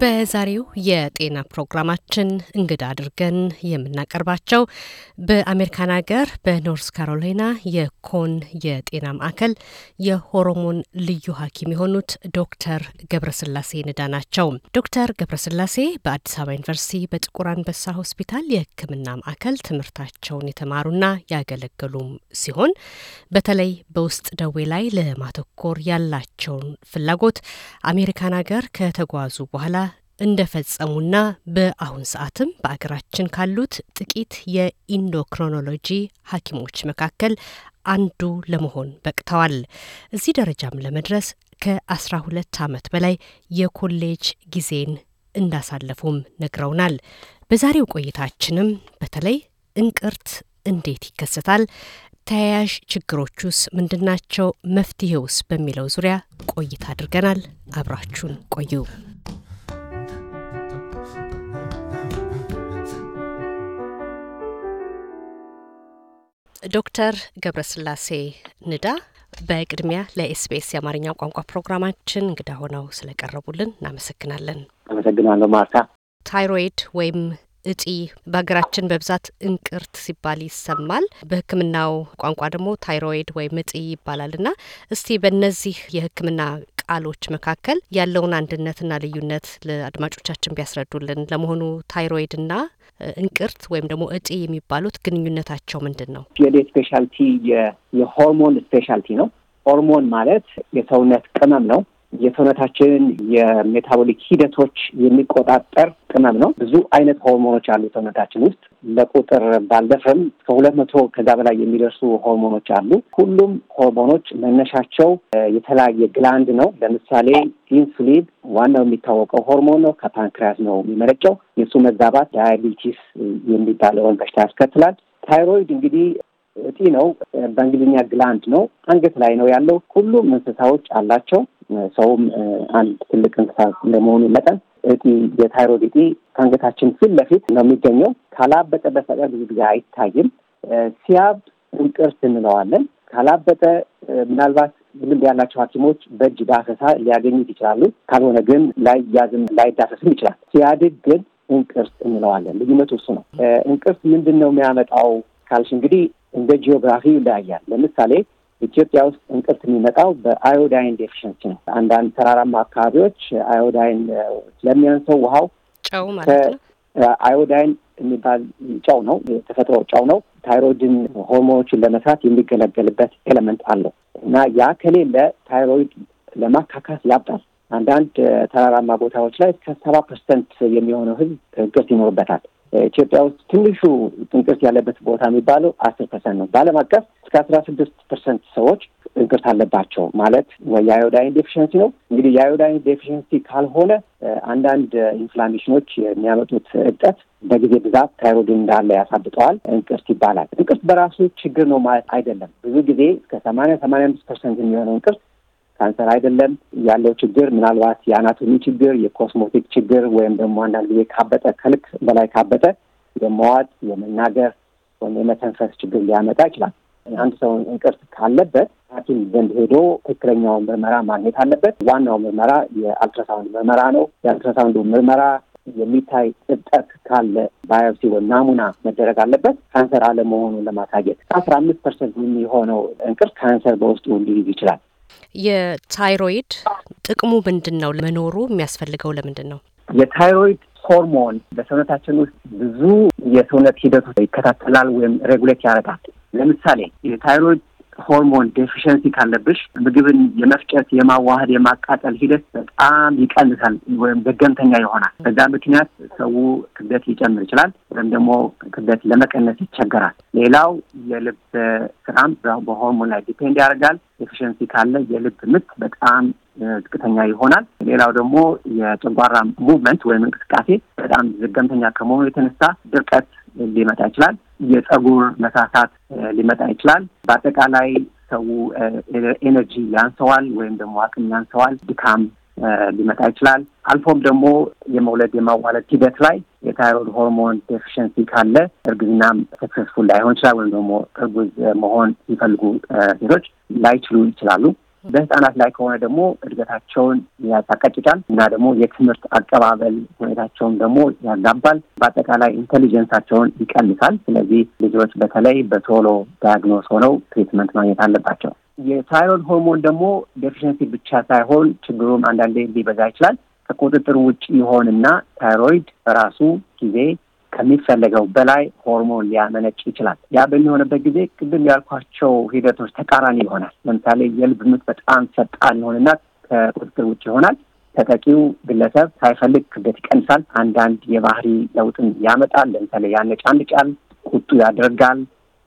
በዛሬው የጤና ፕሮግራማችን እንግዳ አድርገን የምናቀርባቸው በአሜሪካን ሀገር በኖርስ ካሮላይና የኮን የጤና ማዕከል የሆርሞን ልዩ ሐኪም የሆኑት ዶክተር ገብረስላሴ ንዳ ናቸው። ዶክተር ገብረስላሴ በአዲስ አበባ ዩኒቨርሲቲ በጥቁር አንበሳ ሆስፒታል የሕክምና ማዕከል ትምህርታቸውን የተማሩና ያገለገሉም ሲሆን በተለይ በውስጥ ደዌ ላይ ለማተኮር ያላቸውን ፍላጎት አሜሪካን ሀገር ከተጓዙ በኋላ እንደፈጸሙና በአሁን ሰዓትም በአገራችን ካሉት ጥቂት የኢንዶክሮኖሎጂ ሐኪሞች መካከል አንዱ ለመሆን በቅተዋል። እዚህ ደረጃም ለመድረስ ከአስራ ሁለት ዓመት በላይ የኮሌጅ ጊዜን እንዳሳለፉም ነግረውናል። በዛሬው ቆይታችንም በተለይ እንቅርት እንዴት ይከሰታል፣ ተያያዥ ችግሮቹስ ምንድናቸው፣ መፍትሄውስ በሚለው ዙሪያ ቆይታ አድርገናል። አብራችሁን ቆዩ። ዶክተር ገብረስላሴ ንዳ በቅድሚያ ለኤስቢኤስ የአማርኛ ቋንቋ ፕሮግራማችን እንግዳ ሆነው ስለቀረቡልን እናመሰግናለን። አመሰግናለሁ ማርታ። ታይሮይድ ወይም እጢ በሀገራችን በብዛት እንቅርት ሲባል ይሰማል። በሕክምናው ቋንቋ ደግሞ ታይሮይድ ወይም እጢ ይባላል ና እስቲ በእነዚህ የሕክምና ቃሎች መካከል ያለውን አንድነትና ልዩነት ለአድማጮቻችን ቢያስረዱልን። ለመሆኑ ታይሮይድና እንቅርት ወይም ደግሞ እጢ የሚባሉት ግንኙነታቸው ምንድን ነው? የዴ ስፔሻልቲ የሆርሞን ስፔሻልቲ ነው። ሆርሞን ማለት የሰውነት ቅመም ነው። የሰውነታችንን የሜታቦሊክ ሂደቶች የሚቆጣጠር ቅመም ነው። ብዙ አይነት ሆርሞኖች አሉ ሰውነታችን ውስጥ ለቁጥር ባለፈም ከሁለት መቶ ከዛ በላይ የሚደርሱ ሆርሞኖች አሉ። ሁሉም ሆርሞኖች መነሻቸው የተለያየ ግላንድ ነው። ለምሳሌ ኢንሱሊን ዋናው የሚታወቀው ሆርሞን ነው። ከፓንክሪያስ ነው የሚመለጨው። የእሱ መዛባት ዳያቢቲስ የሚባለውን በሽታ ያስከትላል። ታይሮይድ እንግዲህ እጢ ነው። በእንግሊዝኛ ግላንድ ነው። አንገት ላይ ነው ያለው። ሁሉም እንስሳዎች አላቸው። ሰውም አንድ ትልቅ እንስሳ እንደመሆኑ መጠን እጢ የታይሮድ እጢ ከአንገታችን ፊት ለፊት ነው የሚገኘው። ካላበጠ በስተቀር ብዙ ጊዜ አይታይም። ሲያብ እንቅርት እንለዋለን። ካላበጠ ምናልባት ልምድ ያላቸው ሐኪሞች በእጅ ዳሰሳ ሊያገኙት ይችላሉ። ካልሆነ ግን ላይያዝም ላይዳሰስም ይችላል። ሲያድግ ግን እንቅርት እንለዋለን። ልዩነቱ እሱ ነው። እንቅርት ምንድን ነው የሚያመጣው ካልሽ እንግዲህ እንደ ጂኦግራፊ ይለያያል። ለምሳሌ ኢትዮጵያ ውስጥ እንቅርት የሚመጣው በአዮዳይን ዴፊሽንሲ ነው። አንዳንድ ተራራማ አካባቢዎች አዮዳይን ስለሚያንሰው ውሃው ጨው ማለት ነው። አዮዳይን የሚባል ጨው ነው፣ የተፈጥሮ ጨው ነው። ታይሮይድን ሆርሞኖችን ለመስራት የሚገለገልበት ኤለመንት አለው እና ያ ከሌለ ታይሮይድ ለማካካስ ያብጣል። አንዳንድ ተራራማ ቦታዎች ላይ ከሰባ ፐርሰንት የሚሆነው ህዝብ እንቅርት ይኖርበታል። ኢትዮጵያ ውስጥ ትንሹ እንቅርት ያለበት ቦታ የሚባለው አስር ፐርሰንት ነው። በዓለም አቀፍ እስከ አስራ ስድስት ፐርሰንት ሰዎች እንቅርት አለባቸው ማለት የአዮዳይን ዴፊሽንሲ ነው። እንግዲህ የአዮዳይን ዴፊሽንሲ ካልሆነ አንዳንድ ኢንፍላሜሽኖች የሚያመጡት እብጠት በጊዜ ብዛት ታይሮይድን እንዳለ ያሳብጠዋል። እንቅርት ይባላል። እንቅርት በራሱ ችግር ነው ማለት አይደለም። ብዙ ጊዜ እስከ ሰማንያ ሰማንያ አምስት ፐርሰንት የሚሆነው እንቅርት ካንሰር አይደለም ያለው ችግር ምናልባት የአናቶሚ ችግር፣ የኮስሞቲክ ችግር ወይም ደግሞ አንዳንድ ጊዜ ካበጠ ከልክ በላይ ካበጠ የመዋጥ የመናገር ወይም የመተንፈስ ችግር ሊያመጣ ይችላል። አንድ ሰው እንቅርት ካለበት ሐኪም ዘንድ ሄዶ ትክክለኛውን ምርመራ ማግኘት አለበት። ዋናው ምርመራ የአልትራሳውንድ ምርመራ ነው። የአልትራሳውንዱ ምርመራ የሚታይ እብጠት ካለ ባዮፕሲ ወይም ናሙና መደረግ አለበት፣ ካንሰር አለመሆኑን ለማሳየት ከአስራ አምስት ፐርሰንት የሚሆነው እንቅርት ካንሰር በውስጡ ሊይዝ ይችላል። የታይሮይድ ጥቅሙ ምንድን ነው? መኖሩ የሚያስፈልገው ለምንድን ነው? የታይሮይድ ሆርሞን በሰውነታችን ውስጥ ብዙ የሰውነት ሂደቶች ይከታተላል ወይም ሬጉሌት ያደርጋል። ለምሳሌ የታይሮይድ ሆርሞን ዴፊሽንሲ ካለብሽ ምግብን የመፍጨት የማዋሃድ፣ የማቃጠል ሂደት በጣም ይቀንሳል ወይም ደገምተኛ ይሆናል። በዛ ምክንያት ሰው ክብደት ሊጨምር ይችላል ወይም ደግሞ ክብደት ለመቀነስ ይቸገራል። ሌላው የልብ ስራም በሆርሞን ላይ ዲፔንድ ያደርጋል። ኤፊሽንሲ ካለ የልብ ምት በጣም ዝቅተኛ ይሆናል። ሌላው ደግሞ የጨጓራ ሙቭመንት ወይም እንቅስቃሴ በጣም ዘገምተኛ ከመሆኑ የተነሳ ድርቀት ሊመጣ ይችላል። የጸጉር መሳሳት ሊመጣ ይችላል። በአጠቃላይ ሰው ኤነርጂ ያንሰዋል ወይም ደግሞ አቅም ያንሰዋል። ድካም ሊመጣ ይችላል። አልፎም ደግሞ የመውለድ የማዋለድ ሂደት ላይ የታይሮይድ ሆርሞን ዴፊሽንሲ ካለ እርግዝናም ሰክሰስፉል ላይሆን ይችላል። ወይም ደግሞ እርጉዝ መሆን ሲፈልጉ ሴቶች ላይችሉ ይችላሉ። በህጻናት ላይ ከሆነ ደግሞ እድገታቸውን ያቀጭጫል እና ደግሞ የትምህርት አቀባበል ሁኔታቸውን ደግሞ ያጋባል። በአጠቃላይ ኢንቴሊጀንሳቸውን ይቀንሳል። ስለዚህ ልጆች በተለይ በቶሎ ዳያግኖስ ሆነው ትሪትመንት ማግኘት አለባቸው። የታይሮይድ ሆርሞን ደግሞ ዴፊሽንሲ ብቻ ሳይሆን ችግሩም አንዳንዴ ሊበዛ ይችላል። ከቁጥጥር ውጭ ይሆንና ታይሮይድ ራሱ ጊዜ ከሚፈለገው በላይ ሆርሞን ሊያመነጭ ይችላል። ያ በሚሆንበት ጊዜ ቅድም ያልኳቸው ሂደቶች ተቃራኒ ይሆናል። ለምሳሌ የልብ ምት በጣም ፈጣን ይሆንና ከቁጥጥር ውጭ ይሆናል። ተጠቂው ግለሰብ ሳይፈልግ ክብደት ይቀንሳል። አንዳንድ የባህሪ ለውጥን ያመጣል። ለምሳሌ ያነጫንጫል፣ ቁጡ ያደርጋል።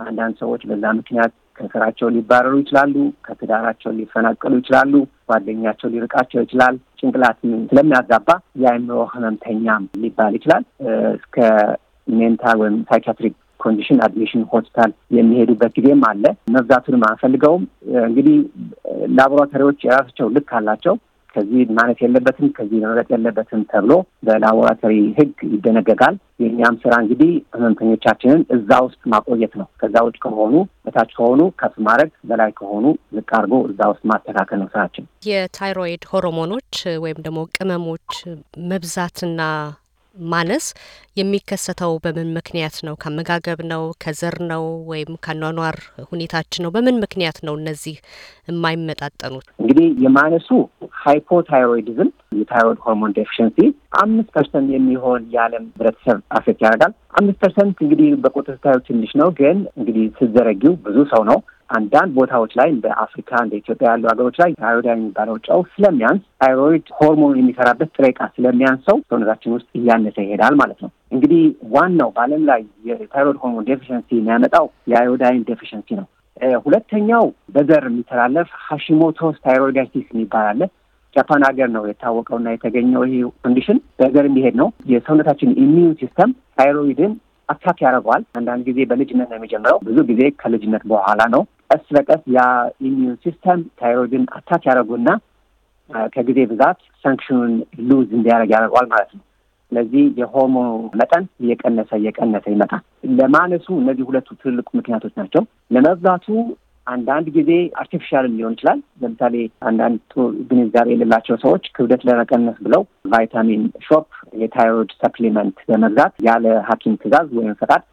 አንዳንድ ሰዎች በዛ ምክንያት ከስራቸው ሊባረሩ ይችላሉ። ከትዳራቸው ሊፈናቀሉ ይችላሉ። ጓደኛቸው ሊርቃቸው ይችላል። ጭንቅላት ስለሚያዛባ የአእምሮ ህመምተኛም ሊባል ይችላል። እስከ ሜንታል ወይም ሳይኪያትሪክ ኮንዲሽን አድሚሽን ሆስፒታል የሚሄዱበት ጊዜም አለ። መብዛቱንም አንፈልገውም። እንግዲህ ላቦራቶሪዎች የራሳቸው ልክ አላቸው። ከዚህ ማለት የለበትም ከዚህ መምረጥ የለበትም ተብሎ በላቦራቶሪ ህግ ይደነገጋል። የእኛም ስራ እንግዲህ ህመምተኞቻችንን እዛ ውስጥ ማቆየት ነው። ከዛ ውጭ ከሆኑ በታች ከሆኑ ከፍ ማድረግ፣ በላይ ከሆኑ ዝቅ አድርጎ እዛ ውስጥ ማስተካከል ነው ስራችን። የታይሮይድ ሆርሞኖች ወይም ደግሞ ቅመሞች መብዛትና ማነስ የሚከሰተው በምን ምክንያት ነው? ከአመጋገብ ነው? ከዘር ነው? ወይም ከኗኗር ሁኔታችን ነው? በምን ምክንያት ነው እነዚህ የማይመጣጠኑት? እንግዲህ የማነሱ ሃይፖታይሮይድዝም የታይሮይድ ሆርሞን ዴፊሽንሲ አምስት ፐርሰንት የሚሆን የዓለም ህብረተሰብ አፌክት ያደርጋል። አምስት ፐርሰንት እንግዲህ በቁጥር ስታዩ ትንሽ ነው፣ ግን እንግዲህ ስዘረጊው ብዙ ሰው ነው። አንዳንድ ቦታዎች ላይ እንደ አፍሪካ እንደ ኢትዮጵያ ያሉ ሀገሮች ላይ ታይሮይድ የሚባለው ጨው ስለሚያንስ ታይሮይድ ሆርሞን የሚሰራበት ጥሬ ዕቃ ስለሚያንሰው ሰውነታችን ውስጥ እያነሰ ይሄዳል ማለት ነው። እንግዲህ ዋናው በዓለም ላይ የታይሮይድ ሆርሞን ዴፊሽንሲ የሚያመጣው የአዮዳይን ዴፊሽንሲ ነው። ሁለተኛው በዘር የሚተላለፍ ሃሺሞቶስ ታይሮይዳይቲስ የሚባል አለ። ጃፓን ሀገር ነው የታወቀው እና የተገኘው ይህ ኮንዲሽን በእግር የሚሄድ ነው። የሰውነታችን ኢሚዩን ሲስተም ታይሮይድን አታክ ያደርገዋል። አንዳንድ ጊዜ በልጅነት ነው የሚጀምረው፣ ብዙ ጊዜ ከልጅነት በኋላ ነው። ቀስ በቀስ ያ ኢሚዩን ሲስተም ታይሮይድን አታክ ያደረጉና ከጊዜ ብዛት ሳንክሽኑን ሉዝ እንዲያደርግ ያደርገዋል ማለት ነው። ስለዚህ የሆርሞኑ መጠን እየቀነሰ እየቀነሰ ይመጣል። ለማነሱ እነዚህ ሁለቱ ትልልቁ ምክንያቶች ናቸው። ለመብዛቱ አንዳንድ ጊዜ አርቲፊሻልም ሊሆን ይችላል። ለምሳሌ አንዳንድ ግንዛቤ የሌላቸው ሰዎች ክብደት ለመቀነስ ብለው ቫይታሚን ሾፕ የታይሮይድ ሰፕሊመንት በመግዛት ያለ ሐኪም ትዕዛዝ ወይም ፈቃድ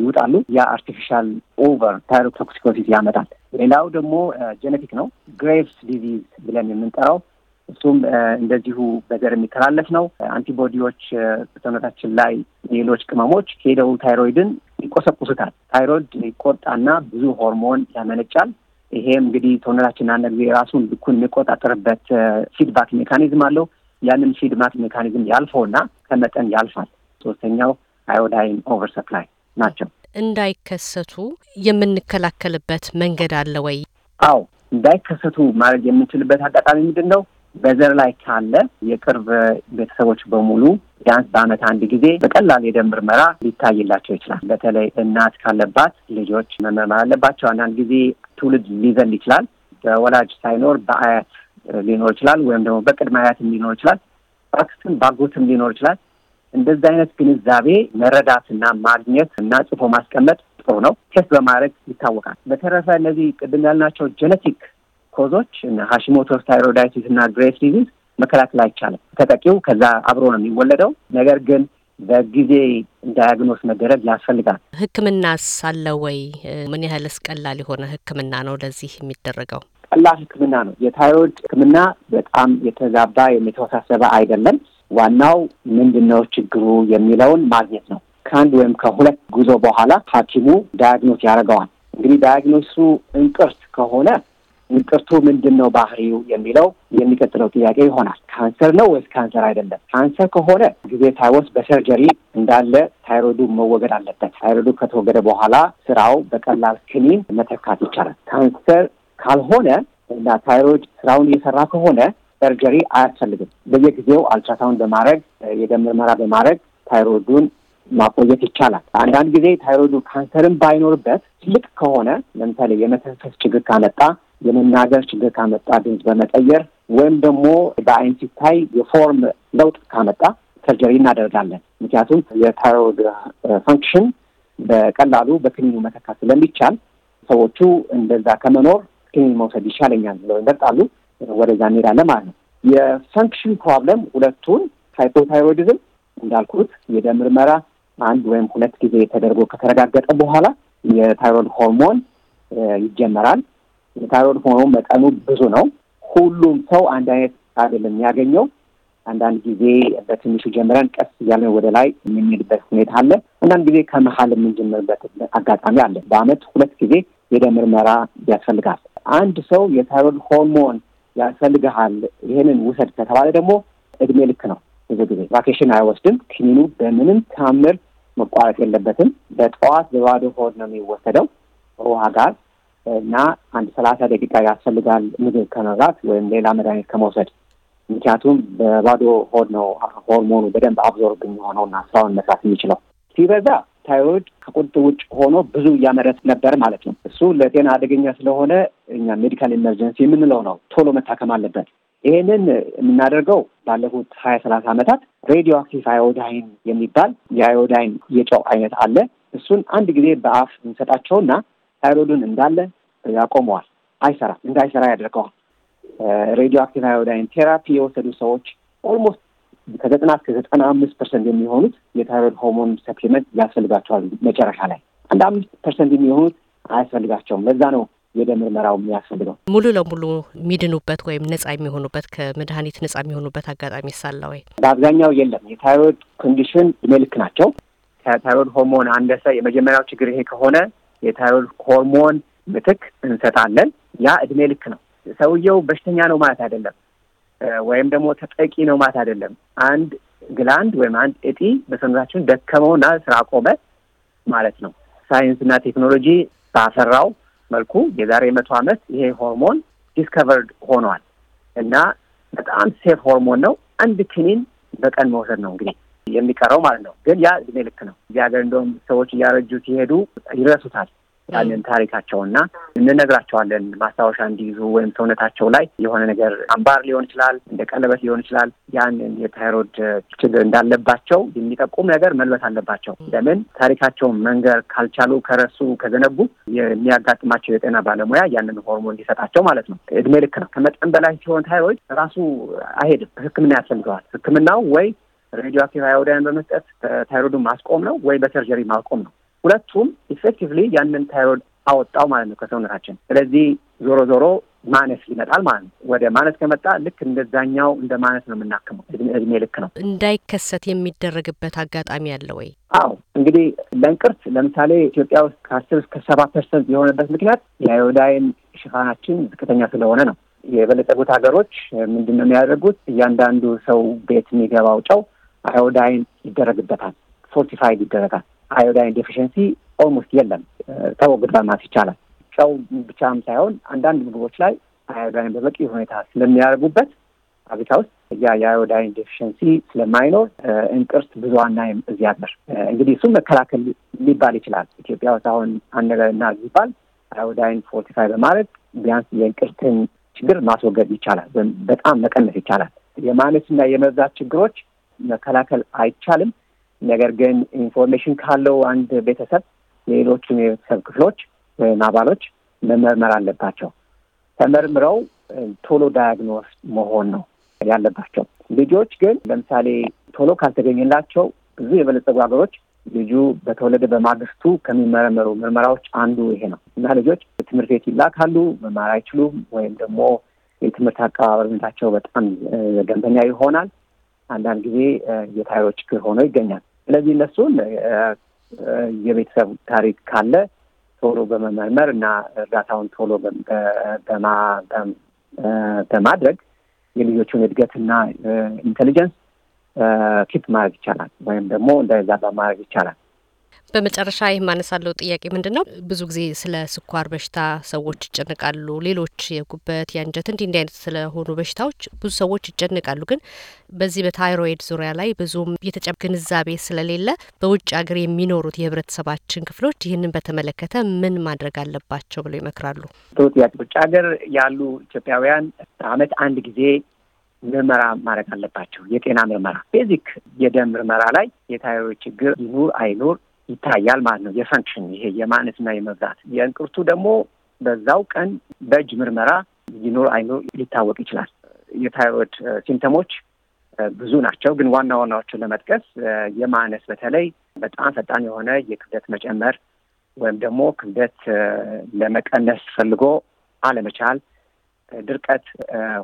ይውጣሉ። ያ አርቲፊሻል ኦቨር ቶክሲኮሲስ ያመጣል። ሌላው ደግሞ ጄኔቲክ ነው፣ ግሬቭስ ዲዚዝ ብለን የምንጠራው እሱም እንደዚሁ በዘር የሚተላለፍ ነው። አንቲቦዲዎች ሰውነታችን ላይ ሌሎች ቅመሞች ሄደው ታይሮይድን ይቆሰቁሱታል። ታይሮይድ ይቆርጣና ብዙ ሆርሞን ያመነጫል። ይሄ እንግዲህ ሰውነታችን አንድ ጊዜ ራሱን ልኩን የሚቆጣጠርበት ፊድባክ ሜካኒዝም አለው። ያንን ፊድባክ ሜካኒዝም ያልፈውና ከመጠን ያልፋል። ሶስተኛው አዮዳይን ኦቨር ሰፕላይ ናቸው። እንዳይከሰቱ የምንከላከልበት መንገድ አለ ወይ? አዎ፣ እንዳይከሰቱ ማድረግ የምንችልበት አጋጣሚ ምንድን ነው? በዘር ላይ ካለ የቅርብ ቤተሰቦች በሙሉ ቢያንስ በአመት አንድ ጊዜ በቀላል የደም ምርመራ ሊታይላቸው ይችላል። በተለይ እናት ካለባት ልጆች መመርመር አለባቸው። አንዳንድ ጊዜ ትውልድ ሊዘል ይችላል። በወላጅ ሳይኖር በአያት ሊኖር ይችላል፣ ወይም ደግሞ በቅድመ አያትም ሊኖር ይችላል፣ በአክስትም ባጎትም ሊኖር ይችላል። እንደዚህ አይነት ግንዛቤ መረዳትና ማግኘት እና ጽፎ ማስቀመጥ ጥሩ ነው። ቴስት በማድረግ ይታወቃል። በተረፈ እነዚህ ቅድም ያልናቸው ጀነቲክ ኮዞች እና ሃሺሞቶስ ታይሮዳይቲስ እና ግሬስ ዲዚዝ መከላከል አይቻልም። ተጠቂው ከዛ አብሮ ነው የሚወለደው። ነገር ግን በጊዜ ዳያግኖስ መደረግ ያስፈልጋል። ሕክምናስ ሳለ ወይ? ምን ያህልስ ቀላል የሆነ ሕክምና ነው ለዚህ የሚደረገው? ቀላል ሕክምና ነው። የታይሮይድ ሕክምና በጣም የተዛባ የተወሳሰበ አይደለም። ዋናው ምንድን ነው ችግሩ የሚለውን ማግኘት ነው። ከአንድ ወይም ከሁለት ጉዞ በኋላ ሐኪሙ ዳያግኖስ ያደርገዋል። እንግዲህ ዳያግኖሱ እንቅርት ከሆነ ውጥርቱ ምንድን ነው ባህሪው የሚለው የሚቀጥለው ጥያቄ ይሆናል። ካንሰር ነው ወይስ ካንሰር አይደለም? ካንሰር ከሆነ ጊዜ ሳይወስድ በሰርጀሪ እንዳለ ታይሮዱ መወገድ አለበት። ታይሮዱ ከተወገደ በኋላ ስራው በቀላል ክኒን መተካት ይቻላል። ካንሰር ካልሆነ እና ታይሮድ ስራውን እየሰራ ከሆነ ሰርጀሪ አያስፈልግም። በየጊዜው አልትራሳውንድ በማድረግ የደም ምርመራ በማድረግ ታይሮዱን ማቆየት ይቻላል። አንዳንድ ጊዜ ታይሮዱ ካንሰርን ባይኖርበት ትልቅ ከሆነ ለምሳሌ የመተንፈስ ችግር ካመጣ የመናገር ችግር ካመጣ ድምፅ በመቀየር ወይም ደግሞ በአይን ሲታይ የፎርም ለውጥ ካመጣ ሰርጀሪ እናደርጋለን። ምክንያቱም የታይሮይድ ፈንክሽን በቀላሉ በክኒኑ መተካት ስለሚቻል ሰዎቹ እንደዛ ከመኖር ክኒን መውሰድ ይሻለኛል ብለው ይመርጣሉ። ወደዛ እንሄዳለን ማለት ነው። የፈንክሽን ፕሮብለም ሁለቱን ሃይፖታይሮይድዝም እንዳልኩት የደም ምርመራ አንድ ወይም ሁለት ጊዜ ተደርጎ ከተረጋገጠ በኋላ የታይሮይድ ሆርሞን ይጀመራል። የታይሮይድ ሆርሞን መጠኑ ብዙ ነው። ሁሉም ሰው አንድ አይነት አይደለም የሚያገኘው። አንዳንድ ጊዜ በትንሹ ጀምረን ቀስ እያለን ወደ ላይ የምንሄድበት ሁኔታ አለ። አንዳንድ ጊዜ ከመሀል የምንጀምርበት አጋጣሚ አለ። በአመት ሁለት ጊዜ የደ ምርመራ ያስፈልጋል። አንድ ሰው የታይሮይድ ሆርሞን ያስፈልግሃል ይህንን ውሰድ ከተባለ ደግሞ እድሜ ልክ ነው። ብዙ ጊዜ ቫኬሽን አይወስድም። ክኒኑ በምንም ታምር መቋረጥ የለበትም። በጠዋት በባዶ ሆድ ነው የሚወሰደው ውሃ ጋር እና አንድ ሰላሳ ደቂቃ ያስፈልጋል ምግብ ከመብላት ወይም ሌላ መድኃኒት ከመውሰድ። ምክንያቱም በባዶ ሆድ ነው ሆርሞኑ በደንብ አብዞርብ የሚሆነውና ስራውን መስራት የሚችለው። ሲበዛ ታይሮይድ ከቁጥጥር ውጭ ሆኖ ብዙ እያመረት ነበር ማለት ነው። እሱ ለጤና አደገኛ ስለሆነ እኛ ሜዲካል ኢመርጀንሲ የምንለው ነው። ቶሎ መታከም አለበት። ይህንን የምናደርገው ባለፉት ሀያ ሰላሳ ዓመታት ሬዲዮ አክቲቭ አዮዳይን የሚባል የአዮዳይን የጨው አይነት አለ። እሱን አንድ ጊዜ በአፍ እንሰጣቸውና ታይሮድን እንዳለ ያቆመዋል። አይሰራም፣ እንዳይሰራ ያደርገዋል። ሬዲዮ አክቲቭ አዮዳይን ቴራፒ የወሰዱ ሰዎች ኦልሞስት ከዘጠና እስከ ዘጠና አምስት ፐርሰንት የሚሆኑት የታይሮድ ሆርሞን ሰፕሊመንት ያስፈልጋቸዋል። መጨረሻ ላይ አንድ አምስት ፐርሰንት የሚሆኑት አያስፈልጋቸውም። ለዛ ነው የደም ምርመራው የሚያስፈልገው። ሙሉ ለሙሉ የሚድኑበት ወይም ነጻ የሚሆኑበት ከመድኃኒት ነጻ የሚሆኑበት አጋጣሚ ሳለ ወይ በአብዛኛው የለም። የታይሮድ ኮንዲሽን እድሜ ልክ ናቸው። ከታይሮድ ሆርሞን አነሰ የመጀመሪያው ችግር ይሄ ከሆነ የታይሮይድ ሆርሞን ምትክ እንሰጣለን። ያ እድሜ ልክ ነው። ሰውየው በሽተኛ ነው ማለት አይደለም፣ ወይም ደግሞ ተጠቂ ነው ማለት አይደለም። አንድ ግላንድ ወይም አንድ እጢ በሰውነታችን ደከመውና ስራ ቆመ ማለት ነው። ሳይንስና ቴክኖሎጂ ባፈራው መልኩ የዛሬ መቶ ዓመት ይሄ ሆርሞን ዲስከቨርድ ሆኗል እና በጣም ሴፍ ሆርሞን ነው። አንድ ክኒን በቀን መውሰድ ነው እንግዲህ የሚቀረው ማለት ነው። ግን ያ እድሜ ልክ ነው። እዚህ ሀገር እንደውም ሰዎች እያረጁ ሲሄዱ ይረሱታል ያንን እና እንነግራቸዋለን ማስታወሻ እንዲይዙ ወይም ሰውነታቸው ላይ የሆነ ነገር አምባር ሊሆን ይችላል፣ እንደ ቀለበት ሊሆን ይችላል። ያንን የታይሮድ ችግር እንዳለባቸው የሚጠቁም ነገር መልበስ አለባቸው። ለምን ታሪካቸውን መንገር ካልቻሉ፣ ከረሱ፣ ከዘነቡ የሚያጋጥማቸው የጤና ባለሙያ ያንን ሆርሞን ሊሰጣቸው ማለት ነው። እድሜ ልክ ነው። ከመጠን በላይ ሲሆን ታይሮድ ራሱ አይሄድም፣ ሕክምና ያስፈልገዋል። ሕክምናው ወይ ሬዲዮ አክቲቭ አዮዳይን በመስጠት ታይሮይዱን ማስቆም ነው ወይም በሰርጀሪ ማስቆም ነው። ሁለቱም ኢፌክቲቭሊ ያንን ታይሮይድ አወጣው ማለት ነው ከሰውነታችን። ስለዚህ ዞሮ ዞሮ ማነስ ይመጣል ማለት ነው። ወደ ማነስ ከመጣ ልክ እንደዛኛው እንደ ማነስ ነው የምናክመው። እድሜ ልክ ነው እንዳይከሰት የሚደረግበት አጋጣሚ አለ ወይ? አዎ እንግዲህ ለእንቅርት ለምሳሌ ኢትዮጵያ ውስጥ ከአስር እስከ ሰባ ፐርሰንት የሆነበት ምክንያት የአዮዳይን ሽፋናችን ዝቅተኛ ስለሆነ ነው። የበለጸጉት ሀገሮች ምንድን ነው የሚያደርጉት? እያንዳንዱ ሰው ቤት የሚገባው ጨው አዮዳይን ይደረግበታል፣ ፎርቲፋይድ ይደረጋል። አዮዳይን ዴፊሽንሲ ኦልሞስት የለም፣ ተወግዷል ማለት ይቻላል። ጨው ብቻም ሳይሆን አንዳንድ ምግቦች ላይ አዮዳይን በበቂ ሁኔታ ስለሚያደርጉበት አቤታ ውስጥ ያ የአዮዳይን ዴፊሽንሲ ስለማይኖር እንቅርት ብዙ አናይም እዚህ ሀገር። እንግዲህ እሱም መከላከል ሊባል ይችላል። ኢትዮጵያ ውስጥ አሁን አነጋና ሊባል አዮዳይን ፎርቲፋይ በማድረግ ቢያንስ የእንቅርትን ችግር ማስወገድ ይቻላል፣ በጣም መቀነስ ይቻላል። የማነስና የመብዛት ችግሮች መከላከል አይቻልም። ነገር ግን ኢንፎርሜሽን ካለው አንድ ቤተሰብ ሌሎቹም የቤተሰብ ክፍሎች ወይም አባሎች መመርመር አለባቸው። ተመርምረው ቶሎ ዳያግኖስ መሆን ነው ያለባቸው። ልጆች ግን ለምሳሌ ቶሎ ካልተገኘላቸው ብዙ የበለጸጉ ሀገሮች ልጁ በተወለደ በማግስቱ ከሚመረመሩ ምርመራዎች አንዱ ይሄ ነው እና ልጆች ትምህርት ቤት ይላካሉ፣ መማር አይችሉም፣ ወይም ደግሞ የትምህርት አቀባበል በጣም ገንበኛ ይሆናል። አንዳንድ ጊዜ የታዮች ችግር ሆነው ይገኛል። ስለዚህ እነሱን የቤተሰብ ታሪክ ካለ ቶሎ በመመርመር እና እርዳታውን ቶሎ በማድረግ የልጆቹን እድገትና ኢንቴሊጀንስ ኪፕ ማድረግ ይቻላል ወይም ደግሞ እንዳይዛባ ማድረግ ይቻላል። በመጨረሻ ይህ ማነሳለው ጥያቄ ምንድን ነው? ብዙ ጊዜ ስለ ስኳር በሽታ ሰዎች ይጨንቃሉ። ሌሎች የጉበት የአንጀት እንዲህ እንዲህ አይነት ስለሆኑ በሽታዎች ብዙ ሰዎች ይጨንቃሉ። ግን በዚህ በታይሮይድ ዙሪያ ላይ ብዙም የተጨበጠ ግንዛቤ ስለሌለ በውጭ ሀገር የሚኖሩት የህብረተሰባችን ክፍሎች ይህንን በተመለከተ ምን ማድረግ አለባቸው ብለው ይመክራሉ? ውጭ ሀገር ያሉ ኢትዮጵያውያን በአመት አንድ ጊዜ ምርመራ ማድረግ አለባቸው። የጤና ምርመራ ቤዚክ የደም ምርመራ ላይ የታይሮይድ ችግር ይኑር አይኑር ይታያል ማለት ነው። የፈንክሽን ይሄ የማነትና የመብዛት የእንቅርቱ ደግሞ በዛው ቀን በእጅ ምርመራ ይኖር አይኖር ሊታወቅ ይችላል። የታይሮይድ ሲምተሞች ብዙ ናቸው፣ ግን ዋና ዋናዎቹን ለመጥቀስ የማነስ በተለይ በጣም ፈጣን የሆነ የክብደት መጨመር ወይም ደግሞ ክብደት ለመቀነስ ፈልጎ አለመቻል፣ ድርቀት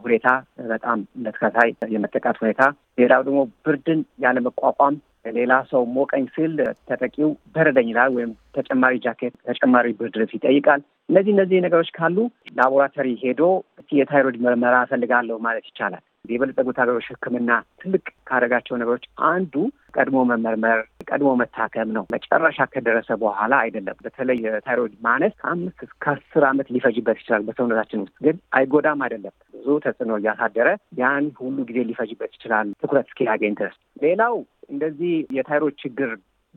ሁኔታ በጣም ለተከታይ የመጠቃት ሁኔታ፣ ሌላው ደግሞ ብርድን ያለመቋቋም ሌላ ሰው ሞቀኝ ሲል ተጠቂው በረደኝ ይላል፣ ወይም ተጨማሪ ጃኬት፣ ተጨማሪ ብርድ ልብስ ይጠይቃል። እነዚህ እነዚህ ነገሮች ካሉ ላቦራቶሪ ሄዶ የታይሮይድ ምርመራ እፈልጋለሁ ማለት ይቻላል። የበለጸጉት ሀገሮች ሕክምና ትልቅ ካደረጋቸው ነገሮች አንዱ ቀድሞ መመርመር፣ ቀድሞ መታከም ነው። መጨረሻ ከደረሰ በኋላ አይደለም። በተለይ የታይሮይድ ማነስ ከአምስት እስከ አስር ዓመት ሊፈጅበት ይችላል። በሰውነታችን ውስጥ ግን አይጎዳም አይደለም። ብዙ ተጽዕኖ እያሳደረ ያን ሁሉ ጊዜ ሊፈጅበት ይችላል ትኩረት እስኪያገኝ ድረስ። ሌላው እንደዚህ የታይሮይድ ችግር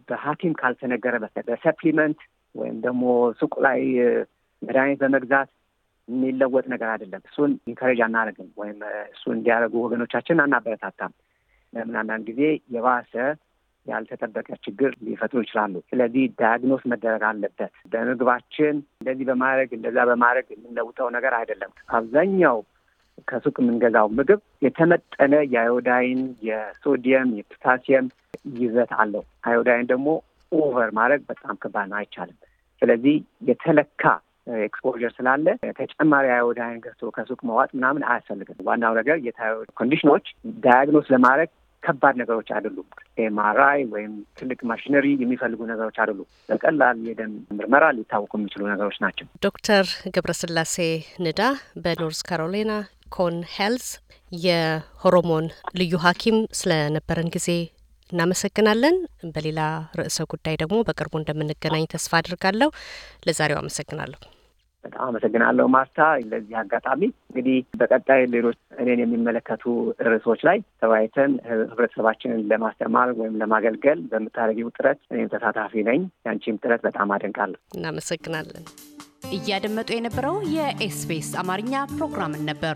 በሐኪም ካልተነገረ በሰፕሊመንት ወይም ደግሞ ሱቅ ላይ መድኃኒት በመግዛት የሚለወጥ ነገር አይደለም። እሱን ኢንከሬጅ አናደርግም ወይም እሱ እንዲያደርጉ ወገኖቻችን አናበረታታም። ለምን አንዳንድ ጊዜ የባሰ ያልተጠበቀ ችግር ሊፈጥሩ ይችላሉ። ስለዚህ ዳያግኖስ መደረግ አለበት። በምግባችን እንደዚህ በማድረግ እንደዛ በማድረግ የምንለውጠው ነገር አይደለም። አብዛኛው ከሱቅ የምንገዛው ምግብ የተመጠነ የአዮዳይን፣ የሶዲየም፣ የፖታሲየም ይዘት አለው። አዮዳይን ደግሞ ኦቨር ማድረግ በጣም ከባድ ነው፣ አይቻልም። ስለዚህ የተለካ ኤክስፖር ስላለ ተጨማሪ አዮዳይን ገብቶ ከሱቅ መዋጥ ምናምን አያስፈልግም። ዋናው ነገር የታይሮይድ ኮንዲሽኖች ዳያግኖስ ለማድረግ ከባድ ነገሮች አይደሉም። ኤምአርአይ ወይም ትልቅ ማሽነሪ የሚፈልጉ ነገሮች አይደሉም። በቀላል የደም ምርመራ ሊታወቁ የሚችሉ ነገሮች ናቸው። ዶክተር ገብረስላሴ ንዳ በኖርዝ ካሮላይና ኮን ሄልዝ የሆርሞን ልዩ ሐኪም ስለነበረን ጊዜ እናመሰግናለን። በሌላ ርዕሰ ጉዳይ ደግሞ በቅርቡ እንደምንገናኝ ተስፋ አድርጋለሁ። ለዛሬው አመሰግናለሁ። በጣም አመሰግናለሁ ማርታ። ለዚህ አጋጣሚ እንግዲህ በቀጣይ ሌሎች እኔን የሚመለከቱ ርዕሶች ላይ ተወያይተን ህብረተሰባችንን ለማስተማር ወይም ለማገልገል በምታደርጊው ጥረት እኔም ተሳታፊ ነኝ። ያንቺም ጥረት በጣም አደንቃለሁ። እናመሰግናለን። እያደመጡ የነበረው የኤስቢኤስ አማርኛ ፕሮግራምን ነበር።